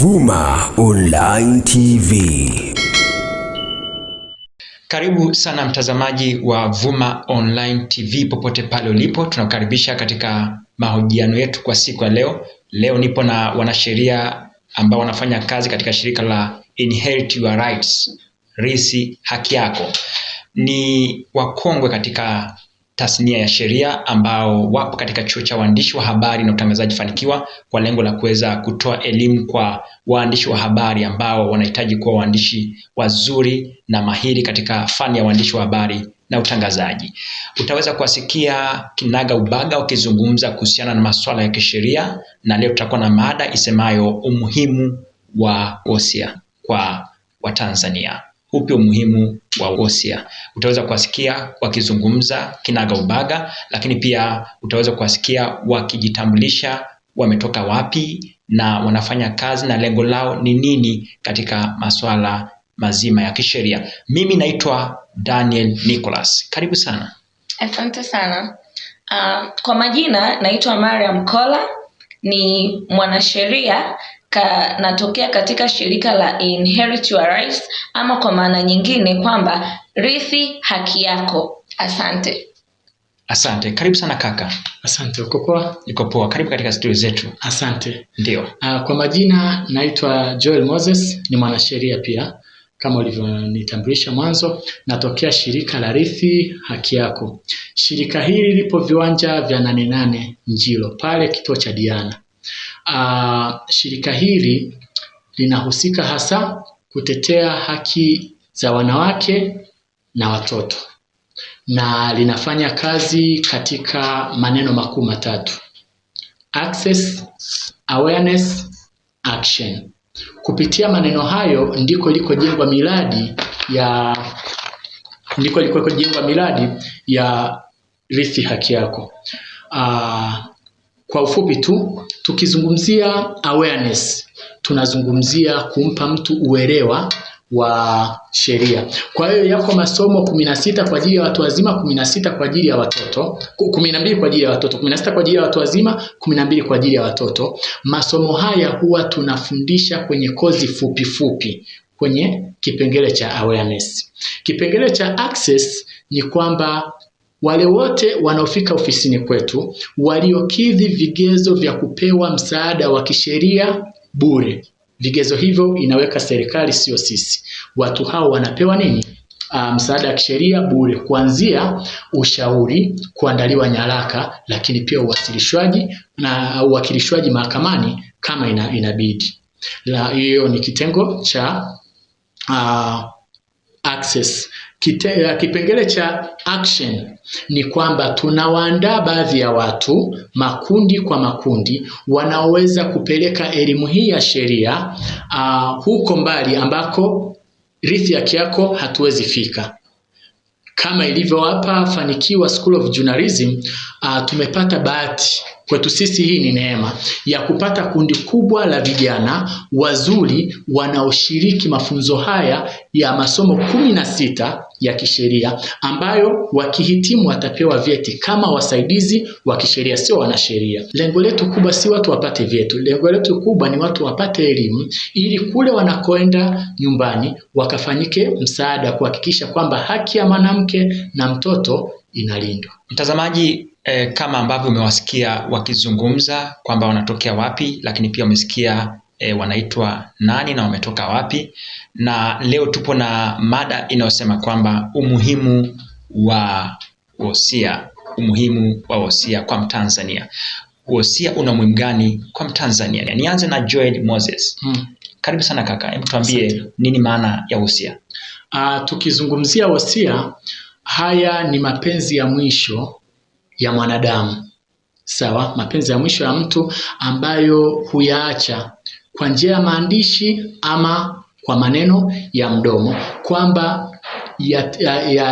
Vuma Online TV. Karibu sana mtazamaji wa Vuma Online TV popote pale ulipo, tunakukaribisha katika mahojiano yetu kwa siku ya leo. Leo nipo na wanasheria ambao wanafanya kazi katika shirika la Inherit Your Rights, Risi Haki Yako. Ni wakongwe katika tasnia ya sheria ambao wapo katika chuo cha waandishi wa habari na utangazaji Fanikiwa kwa lengo la kuweza kutoa elimu kwa waandishi wa habari ambao wanahitaji kuwa waandishi wazuri na mahiri katika fani ya waandishi wa habari na utangazaji. Utaweza kuwasikia kinaga ubaga wakizungumza kuhusiana na masuala ya kisheria, na leo tutakuwa na mada isemayo umuhimu wa wosia kwa Watanzania upi umuhimu wa wosia. Utaweza kuwasikia wakizungumza kinaga ubaga, lakini pia utaweza kuwasikia wakijitambulisha wametoka wapi na wanafanya kazi na lengo lao ni nini katika masuala mazima ya kisheria. Mimi naitwa Daniel Nicholas, karibu sana. Asante sana. Uh, kwa majina naitwa Mariam Kola, ni mwanasheria kanatokea katika shirika la Inherit Your Rights, ama kwa maana nyingine kwamba rithi haki yako. Asante. Asante, karibu sana kaka. Asante, uko poa? Niko poa, karibu katika studio zetu. Asante. Ndio. Uh, kwa majina naitwa Joel Moses, ni mwanasheria pia kama ulivyonitambulisha mwanzo, natokea shirika la Rithi Haki Yako. Shirika hili lipo viwanja vya Nane Nane Njilo, pale kituo cha Diana uh, shirika hili linahusika hasa kutetea haki za wanawake na watoto na linafanya kazi katika maneno makuu matatu: access, awareness, action. Kupitia maneno hayo ndiko ilikojengwa miradi ya ndiko ilikojengwa miradi ya Rithi Haki Yako. Uh, kwa ufupi tu, tukizungumzia awareness, tunazungumzia kumpa mtu uelewa wa sheria. Kwa hiyo yako masomo kumi na sita kwa ajili ya watu wazima, kumi na sita kwa ajili ya watoto, kumi na mbili kwa ajili ya watoto, kumi na sita kwa ajili ya watu wazima, kumi na mbili kwa ajili ya watoto. Masomo haya huwa tunafundisha kwenye kozi fupi fupi kwenye kipengele cha awareness. Kipengele cha access ni kwamba wale wote wanaofika ofisini kwetu waliokidhi vigezo vya kupewa msaada wa kisheria bure. Vigezo hivyo inaweka serikali, sio sisi. Watu hao wanapewa nini? Uh, msaada wa kisheria bure kuanzia ushauri, kuandaliwa nyaraka, lakini pia uwasilishwaji na uwakilishwaji mahakamani kama ina, inabidi. La, hiyo ni kitengo cha uh, access. Kite, uh, kipengele cha action ni kwamba tunawaandaa baadhi ya watu makundi kwa makundi wanaoweza kupeleka elimu hii ya sheria uh, huko mbali ambako rithi ya Kyako hatuwezi fika kama ilivyo hapa Fanikiwa School of Journalism. Uh, tumepata bahati Kwetu sisi hii ni neema ya kupata kundi kubwa la vijana wazuri wanaoshiriki mafunzo haya ya masomo kumi na sita ya kisheria ambayo wakihitimu watapewa vyeti kama wasaidizi wa kisheria, sio wanasheria. Lengo letu kubwa si watu wapate vyeti, lengo letu kubwa ni watu wapate elimu, ili kule wanakoenda nyumbani wakafanyike msaada, kuhakikisha kwamba haki ya mwanamke na mtoto inalindwa. Mtazamaji, e, kama ambavyo umewasikia wakizungumza kwamba wanatokea wapi, lakini pia umesikia e, wanaitwa nani na wametoka wapi, na leo tupo na mada inayosema kwamba umuhimu wa wosia, umuhimu wa wosia kwa Mtanzania. Wosia una umuhimu gani kwa Mtanzania? Nianze na Joel Moses. Hmm. Karibu sana kaka, hebu tuambie nini maana ya wosia? Uh, tukizungumzia wosia, haya ni mapenzi ya mwisho ya mwanadamu. Sawa, mapenzi ya mwisho ya mtu ambayo huyaacha kwa njia ya maandishi ama kwa maneno ya mdomo kwamba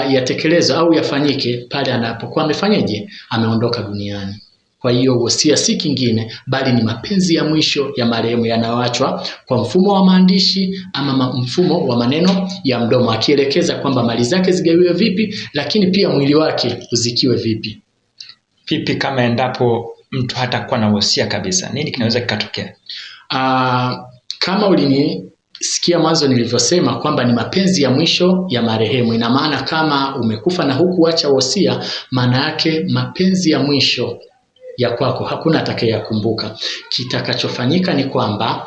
yatekelezwa ya, ya au yafanyike pale anapokuwa amefanyaje, ameondoka duniani. Kwa hiyo wosia si kingine bali ni mapenzi ya mwisho ya marehemu yanayoachwa kwa mfumo wa maandishi ama mfumo wa maneno ya mdomo, akielekeza kwamba mali zake zigawiwe vipi, lakini pia mwili wake uzikiwe vipi vipi kama endapo mtu kuwa na wosia kabisa, nini kinaweza kikatokea? Uh, kama ulinisikia mwanzo nilivyosema kwamba ni mapenzi ya mwisho ya marehemu, ina maana kama umekufa na hukuacha wosia, maana yake mapenzi ya mwisho ya kwako hakuna atakayeyakumbuka. Kitakachofanyika ni kwamba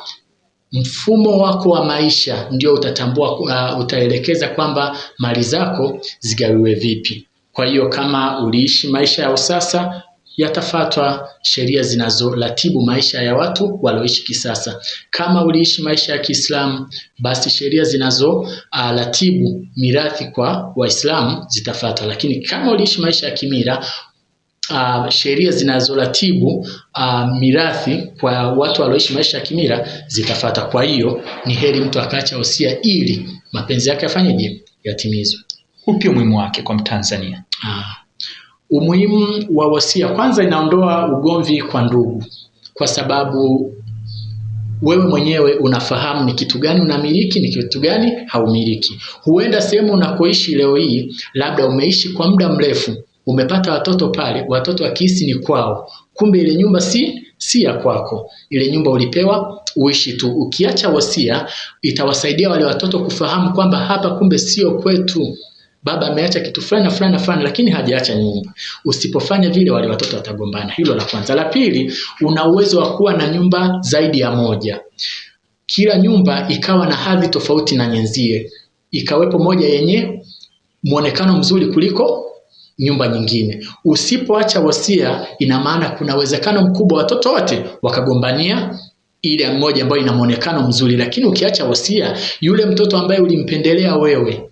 mfumo wako wa maisha ndio utatambua, uh, utaelekeza kwamba mali zako zigawiwe vipi. Kwa hiyo kama uliishi maisha ya usasa, yatafatwa sheria zinazoratibu maisha ya watu walioishi kisasa. Kama uliishi maisha ya Kiislamu, basi sheria zinazoratibu uh, mirathi kwa Waislamu zitafatwa, lakini kama uliishi maisha ya kimira Uh, sheria zinazoratibu uh, mirathi kwa watu walioishi maisha ya kimira zitafata. Kwa hiyo ni heri mtu akaacha wosia ili mapenzi yake yafanyeje? Yatimizwe upi umuhimu wake kwa Mtanzania? Ah. Umuhimu wa wasia, kwanza inaondoa ugomvi kwa ndugu, kwa sababu wewe mwenyewe unafahamu ni kitu gani unamiliki, ni kitu gani haumiliki. Huenda sehemu unakoishi leo hii, labda umeishi kwa muda mrefu, umepata watoto pale, watoto wakihisi ni kwao, kumbe ile nyumba si si ya kwako. Ile nyumba ulipewa uishi tu. Ukiacha wasia, itawasaidia wale watoto kufahamu kwamba hapa kumbe sio kwetu baba ameacha kitu fulani na fulani na fulani, lakini hajaacha nyumba. Usipofanya vile, wale watoto watagombana. Hilo la kwanza. La pili, una uwezo wa kuwa na nyumba zaidi ya moja, kila nyumba ikawa na hadhi tofauti na nyenzie, ikawepo moja yenye muonekano mzuri kuliko nyumba nyingine. Usipoacha wasia, ina maana kuna uwezekano mkubwa watoto wote wakagombania ile moja ambayo ina muonekano mzuri, lakini ukiacha wasia, yule mtoto ambaye ulimpendelea wewe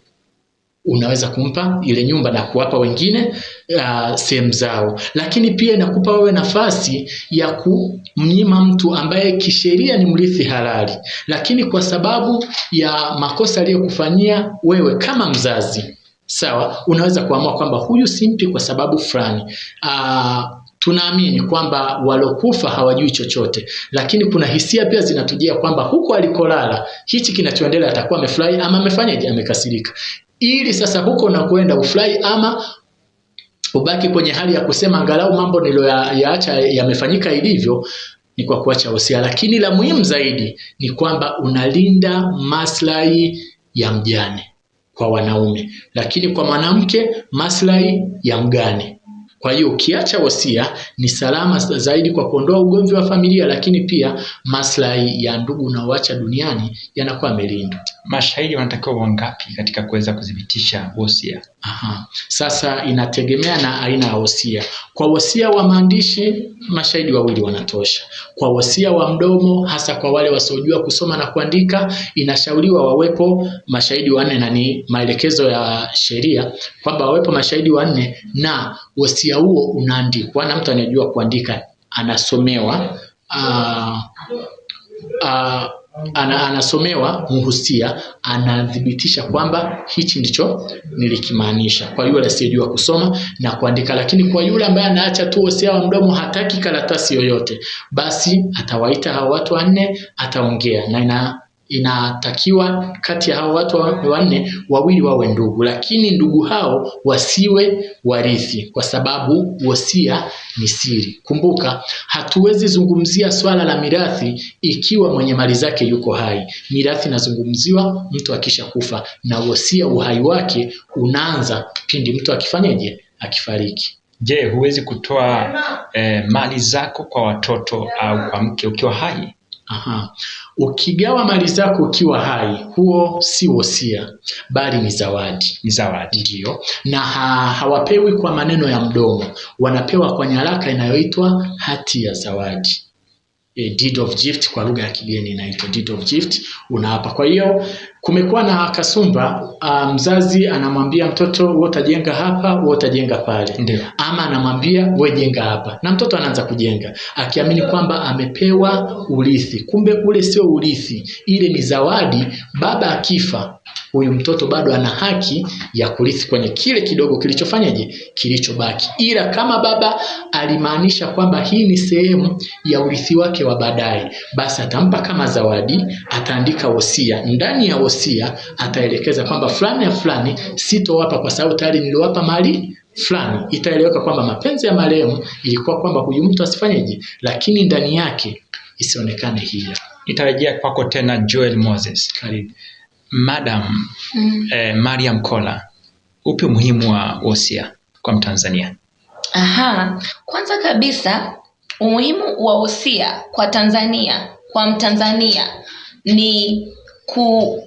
unaweza kumpa ile nyumba na kuwapa wengine uh, sehemu zao, lakini pia inakupa wewe nafasi ya kumnyima mtu ambaye kisheria ni mrithi halali, lakini kwa sababu ya makosa aliyokufanyia wewe kama mzazi, sawa, unaweza kuamua kwamba huyu simpi kwa sababu fulani uh, tunaamini kwamba walokufa hawajui chochote, lakini kuna hisia pia zinatujia kwamba huko alikolala hichi kinachoendelea atakuwa amefurahi ama amefanyaje, amekasirika ili sasa huko na kwenda ufurahi ama ubaki kwenye hali ya kusema angalau mambo niliyoyaacha yamefanyika ilivyo ni kwa kuacha wosia. Lakini la muhimu zaidi ni kwamba unalinda maslahi ya mjane kwa wanaume, lakini kwa mwanamke maslahi ya mgane. Kwa hiyo ukiacha wasia ni salama zaidi kwa kuondoa ugomvi wa familia, lakini pia maslahi ya ndugu unaoacha duniani yanakuwa yamelindwa. Mashahidi wanatakiwa wangapi katika kuweza kuthibitisha wasia? Aha. Sasa inategemea na aina ya wasia. Kwa wasia wa maandishi mashahidi wawili wanatosha. Kwa wasia wa mdomo, hasa kwa wale wasiojua kusoma na kuandika, inashauriwa wawepo mashahidi wanne, na ni maelekezo ya sheria kwamba wawepo mashahidi wanne na wasia usia huo unaandikwa na mtu anayejua kuandika anasomewa uh, uh, ana, anasomewa muhusia, anathibitisha kwamba hichi ndicho nilikimaanisha. Kwa yule asiyejua kusoma na kuandika. Lakini kwa yule ambaye anaacha tu wosia wa mdomo, hataki karatasi yoyote, basi atawaita hao watu wanne, ataongea na ina inatakiwa kati ya hao watu wanne wawili wawe ndugu, lakini ndugu hao wasiwe warithi, kwa sababu wosia ni siri. Kumbuka, hatuwezi zungumzia swala la mirathi ikiwa mwenye mali zake yuko hai. Mirathi inazungumziwa mtu akisha kufa, na wosia uhai wake unaanza pindi mtu akifanyeje, akifariki. Je, huwezi kutoa eh, mali zako kwa watoto au kwa mke ukiwa hai? Aha. Ukigawa mali zako ukiwa hai, huo si wosia, bali ni zawadi. Ni zawadi, ndiyo. Na ha, hawapewi kwa maneno ya mdomo, wanapewa kwa nyaraka inayoitwa hati ya zawadi. A deed of gift kwa lugha ya kigeni inaitwa deed of gift, unaapa. Kwa hiyo Kumekuwa na kasumba uh, mzazi anamwambia mtoto wewe utajenga hapa, wewe utajenga pale. Ndiyo. Ama anamwambia wewe jenga hapa, na mtoto anaanza kujenga akiamini kwamba amepewa urithi, kumbe ule sio urithi, ile ni zawadi. Baba akifa, huyu mtoto bado ana haki ya kurithi kwenye kile kidogo kilichofanyaje, kilichobaki. Ila kama baba alimaanisha kwamba hii ni sehemu ya urithi wake wa baadaye, basi atampa kama zawadi, ataandika wosia ndani ya wosia wosia ataelekeza kwamba fulani ya fulani sitowapa kwa sababu tayari niliwapa mali fulani. Itaeleweka kwamba mapenzi ya marehemu ilikuwa kwamba huyu mtu asifanyeje, lakini ndani yake isionekane hila. Nitarejea kwako tena Joel Moses. Karibu. Madam mm. eh, Mariam Kola, upi umuhimu wa wosia kwa Mtanzania? Aha, kwanza kabisa umuhimu wa wosia kwa Tanzania, kwa Mtanzania ni ku,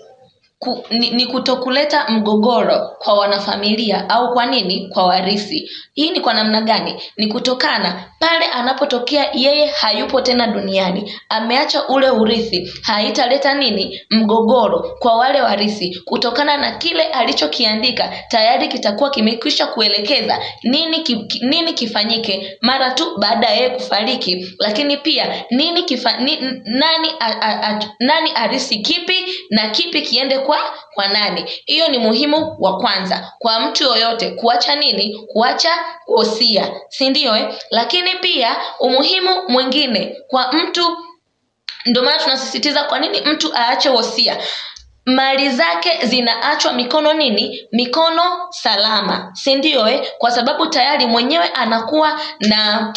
ku, ni, ni kutokuleta mgogoro kwa wanafamilia au kwa nini kwa warithi. Hii ni kwa namna gani? Ni kutokana pale anapotokea yeye hayupo tena duniani, ameacha ule urithi, haitaleta nini mgogoro kwa wale warithi, kutokana na kile alichokiandika tayari kitakuwa kimekwisha kuelekeza nini ki, nini kifanyike mara tu baada ya yeye kufariki, lakini pia nini kifa, ni, nani a, a, a, nani arisi kipi na kipi kiende kwa kwa kwa nani. Hiyo ni muhimu wa kwanza kwa mtu yoyote, kuacha nini? Kuacha wosia, si ndio eh? Lakini pia umuhimu mwingine kwa mtu, ndio maana tunasisitiza kwa nini mtu aache wosia mali zake zinaachwa mikono nini? Mikono salama, si ndio eh? Kwa sababu tayari mwenyewe anakuwa na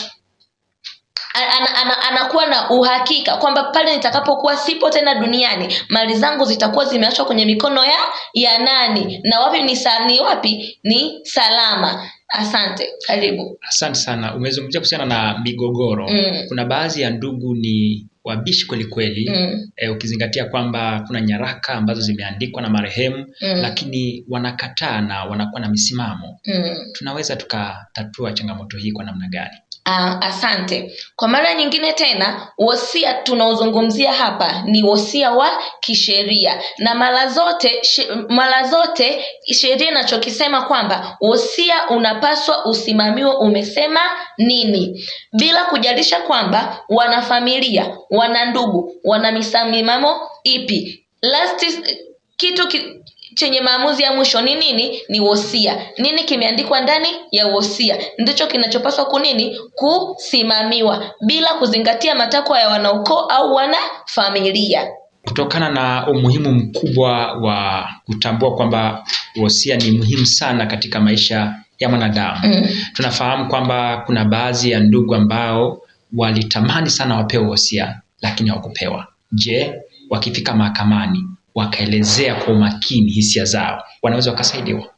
anakuwa ana, ana, na uhakika kwamba pale nitakapokuwa sipo tena duniani mali zangu zitakuwa zimeachwa kwenye mikono ya ya nani na wapi ni, sa, ni wapi ni salama Asante, karibu. Asante sana. Umezungumzia kuhusiana na migogoro mm. Kuna baadhi ya ndugu ni wabishi kwelikweli mm. eh, ukizingatia kwamba kuna nyaraka ambazo zimeandikwa na marehemu mm. Lakini wanakataa na wanakuwa na misimamo mm. Tunaweza tukatatua changamoto hii kwa namna gani? Uh, asante kwa mara nyingine tena. Wosia tunaozungumzia hapa ni wosia wa kisheria, na mara zote sh, mara zote sheria inachokisema kwamba wosia unapaswa usimamiwe umesema nini, bila kujalisha kwamba wanafamilia wana ndugu, wana misamimamo ipi? Last kitu ki, chenye maamuzi ya mwisho ni nini? Ni wosia. Nini kimeandikwa ndani ya wosia ndicho kinachopaswa kunini kusimamiwa, bila kuzingatia matakwa ya wanaukoo au wana familia Kutokana na umuhimu mkubwa wa kutambua kwamba wosia ni muhimu sana katika maisha ya mwanadamu mm. Tunafahamu kwamba kuna baadhi ya ndugu ambao walitamani sana wapewe wosia lakini hawakupewa. Je, wakifika mahakamani wakaelezea kwa umakini hisia zao, wanaweza wakasaidiwa?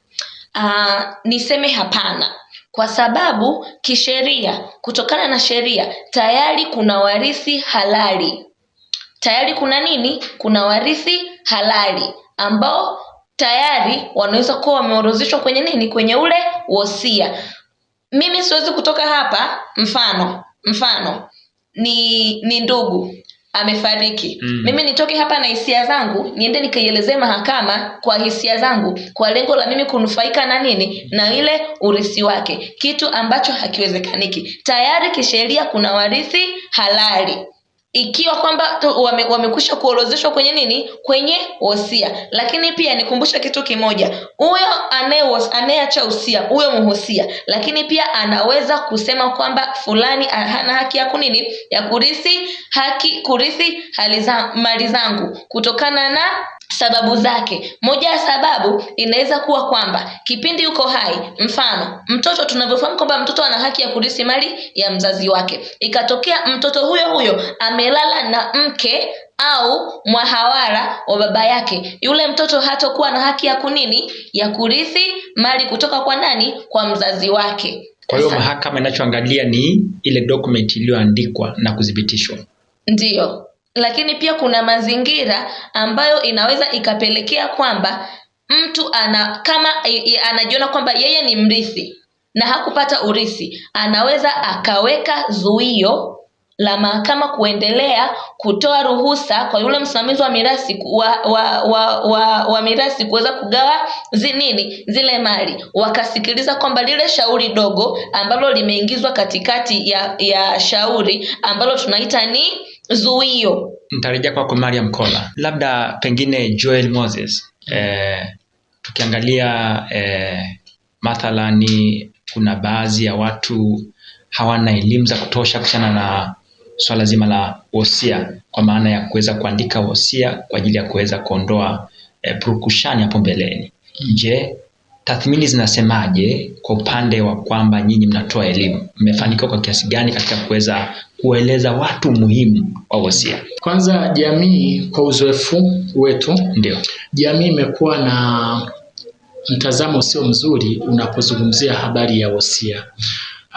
Uh, niseme hapana kwa sababu kisheria, kutokana na sheria tayari kuna warithi halali, tayari kuna nini? Kuna warithi halali ambao tayari wanaweza kuwa wameorozeshwa kwenye nini, kwenye ule wosia. Mimi siwezi kutoka hapa, mfano mfano ni ni ndugu amefariki mm. mimi nitoke hapa na hisia zangu niende nikaielezee mahakama kwa hisia zangu kwa lengo la mimi kunufaika na nini na ile urithi wake kitu ambacho hakiwezekaniki tayari kisheria kuna warithi halali ikiwa kwamba wamekwisha wame kuorozeshwa kwenye nini, kwenye wosia. Lakini pia nikumbusha kitu kimoja, huyo anayeacha usia, huyo muhusia lakini pia anaweza kusema kwamba fulani hana haki ya kunini, ya kurithi haki, kurithi mali zangu kutokana na Sababu zake, moja ya sababu inaweza kuwa kwamba kipindi uko hai, mfano mtoto, tunavyofahamu kwamba mtoto ana haki ya kurithi mali ya mzazi wake, ikatokea mtoto huyo huyo amelala na mke au mwahawara wa baba yake, yule mtoto hatokuwa na haki ya kunini, ya kurithi mali kutoka kwa nani? Kwa mzazi wake. Kwa hiyo mahakama inachoangalia ni ile document iliyoandikwa na kuthibitishwa, ndiyo lakini pia kuna mazingira ambayo inaweza ikapelekea kwamba mtu ana kama anajiona kwamba yeye ni mrithi na hakupata urithi, anaweza akaweka zuio la mahakama kuendelea kutoa ruhusa kwa yule msimamizi wa mirasi wa wa wa, wa, wa mirasi kuweza kugawa zinini zile mali, wakasikiliza kwamba lile shauri dogo ambalo limeingizwa katikati ya ya shauri ambalo tunaita ni zuio. Nitarejea kwako Mariam Kola, labda pengine Joel Moses. Eh, tukiangalia eh, mathalani kuna baadhi ya watu hawana elimu za kutosha kuhusiana na swala zima la wosia, kwa maana ya kuweza kuandika wosia kwa ajili ya kuweza kuondoa eh, purukushani hapo mbeleni. Hmm. Je, tathmini zinasemaje kwa upande wa kwamba nyinyi mnatoa elimu, mmefanikiwa kwa kiasi gani katika kuweza kueleza watu muhimu wa wasia. Kwanza, jamii kwa uzoefu wetu, ndio jamii imekuwa na mtazamo sio mzuri unapozungumzia habari ya wasia.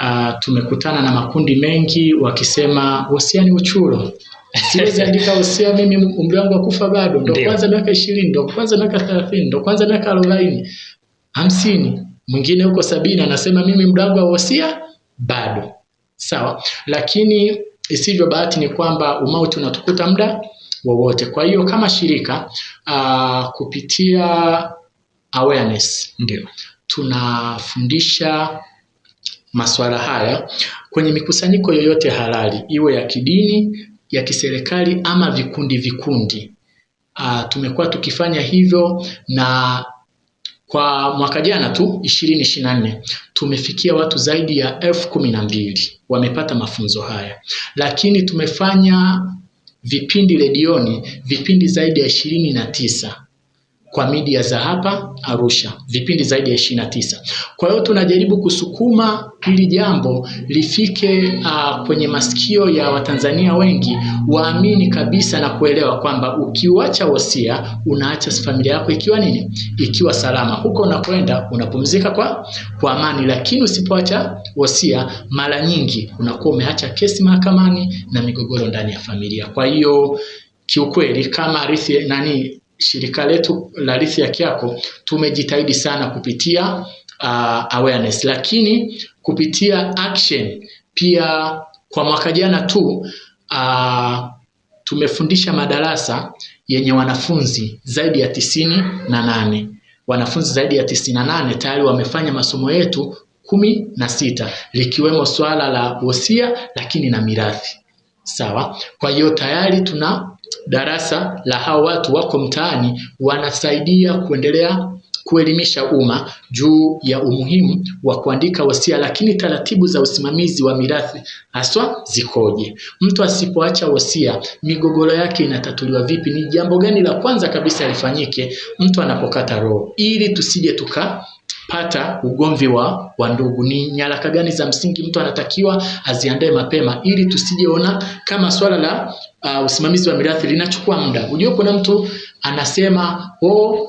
Uh, ah, tumekutana na makundi mengi wakisema wasia ni uchuro siwezi andika usia mimi, umri wangu wa kufa bado, ndo kwanza miaka ishirini, ndo kwanza miaka thelathini, ndo kwanza miaka arobaini hamsini. Mwingine huko sabini anasema mimi muda wangu wa usia bado sawa, lakini isivyo bahati ni kwamba umauti unatukuta muda wowote. Kwa hiyo kama shirika uh, kupitia awareness ndio tunafundisha masuala haya kwenye mikusanyiko yoyote halali, iwe ya kidini, ya kiserikali ama vikundi vikundi. Uh, tumekuwa tukifanya hivyo na kwa mwaka jana tu 2024 tumefikia watu zaidi ya elfu kumi na mbili wamepata mafunzo haya, lakini tumefanya vipindi redioni, vipindi zaidi ya ishirini na tisa kwa media za hapa Arusha, vipindi zaidi ya ishirini na tisa. Kwa hiyo tunajaribu kusukuma hili jambo lifike uh, kwenye masikio ya Watanzania wengi, waamini kabisa na kuelewa kwamba ukiuacha wasia unaacha familia yako ikiwa nini, ikiwa salama, huko unakwenda unapumzika kwa kwa amani. Lakini usipoacha wasia, mara nyingi unakuwa umeacha kesi mahakamani na migogoro ndani ya familia. Kwa hiyo kiukweli, kama arithi nani shirika letu la Rithi Haki Yako tumejitahidi sana kupitia uh, awareness, lakini kupitia action pia. Kwa mwaka jana tu uh, tumefundisha madarasa yenye wanafunzi zaidi ya tisini na nane wanafunzi zaidi ya tisini na nane tayari wamefanya masomo yetu kumi na sita likiwemo swala la wosia, lakini na mirathi. Sawa, kwa hiyo tayari tuna darasa la hao watu wako mtaani wanasaidia kuendelea kuelimisha umma juu ya umuhimu wa kuandika wasia, lakini taratibu za usimamizi wa mirathi haswa zikoje? Mtu asipoacha wasia, migogoro yake inatatuliwa vipi? Ni jambo gani la kwanza kabisa lifanyike mtu anapokata roho, ili tusije tuka pata ugomvi wa, wa ndugu. Ni nyaraka gani za msingi mtu anatakiwa aziandae mapema ili tusijeona kama swala la uh, usimamizi wa mirathi linachukua muda. Unajua kuna mtu anasema oh,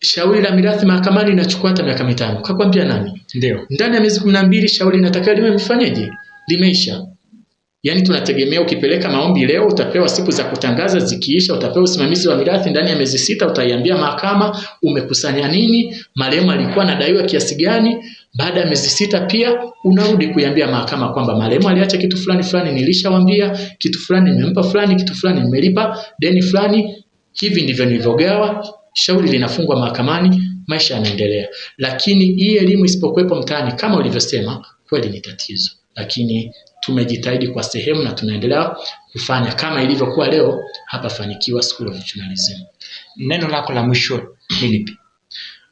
shauri la mirathi mahakamani linachukua hata miaka mitano. Kakwambia nani? Ndio. Ndani ya miezi kumi na mbili shauri linatakiwa limefanyeje Limeisha. Yaani tunategemea ukipeleka maombi leo utapewa siku za kutangaza, zikiisha utapewa usimamizi wa mirathi ndani ya miezi sita, utaiambia mahakama umekusanya nini, marehemu alikuwa anadaiwa kiasi gani. Baada ya miezi sita pia unarudi kuiambia mahakama kwamba marehemu aliacha kitu fulani fulani, nilishawambia kitu fulani, nimempa fulani, kitu fulani nimelipa deni fulani, hivi ndivyo nilivyogawa. Shauri linafungwa mahakamani, maisha yanaendelea. Lakini hii elimu isipokuwepo mtaani, kama ulivyosema, kweli ni tatizo lakini tumejitahidi kwa sehemu na tunaendelea kufanya kama ilivyokuwa leo hapa Fanikiwa School of Journalism. Neno lako la mwisho ni lipi?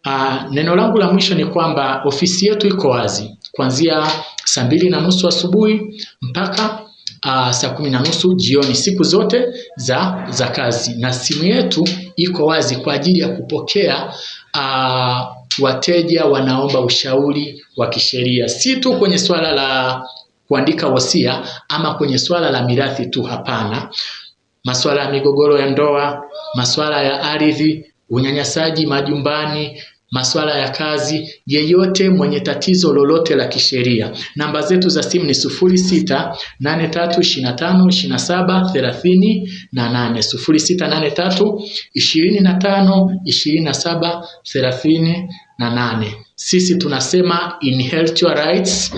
Uh, neno langu la mwisho ni kwamba ofisi yetu iko wazi kuanzia saa mbili na nusu asubuhi mpaka uh, saa kumi na nusu jioni siku zote za, za kazi na simu yetu iko wazi kwa ajili ya kupokea uh, wateja wanaomba ushauri wa kisheria, si tu kwenye swala la kuandika wasia ama kwenye swala la mirathi tu. Hapana, masuala ya migogoro ya ndoa, masuala ya ardhi, unyanyasaji majumbani, masuala ya kazi, yeyote mwenye tatizo lolote la kisheria. Namba zetu za simu ni sufuri sita nane tatu ishirini na tano ishirini na saba thelathini na nane sufuri sita nane tatu ishirini na tano ishirini na saba thelathini na nane. Sisi tunasema health your rights,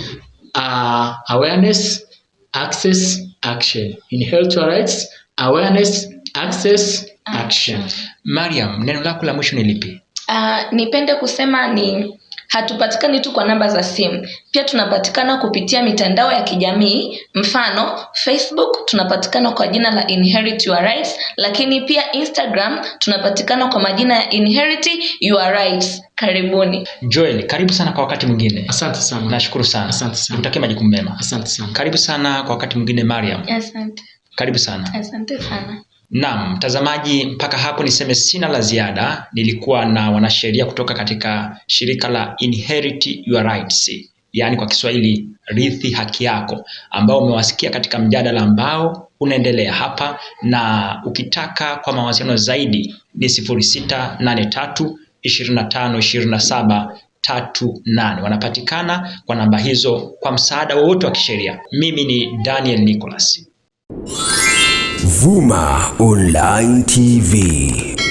uh, awareness, access, action. health your rights, awareness, access, action. Mariam, neno lako la mwisho ni lipi? Uh, nipende kusema ni hatupatikani tu kwa namba za simu, pia tunapatikana kupitia mitandao ya kijamii, mfano Facebook tunapatikana kwa jina la Inherit Your Rights, lakini pia Instagram tunapatikana kwa majina ya Inherit Your Rights. Karibuni Joel, karibu sana kwa wakati mwingine. Asante sana, nashukuru sana. Asante sana, nikutakie majukumu mema. Asante sana, karibu sana kwa wakati mwingine Mariam. Asante, karibu sana. Asante sana. Naam, mtazamaji, mpaka hapo niseme sina la ziada. Nilikuwa na wanasheria kutoka katika shirika la Inherit Your Rights, yaani kwa Kiswahili rithi haki yako, ambao umewasikia katika mjadala ambao unaendelea hapa, na ukitaka kwa mawasiliano zaidi ni 0683252738 Wanapatikana kwa namba hizo kwa msaada wowote wa kisheria. Mimi ni Daniel Nicholas. Vuma Online TV.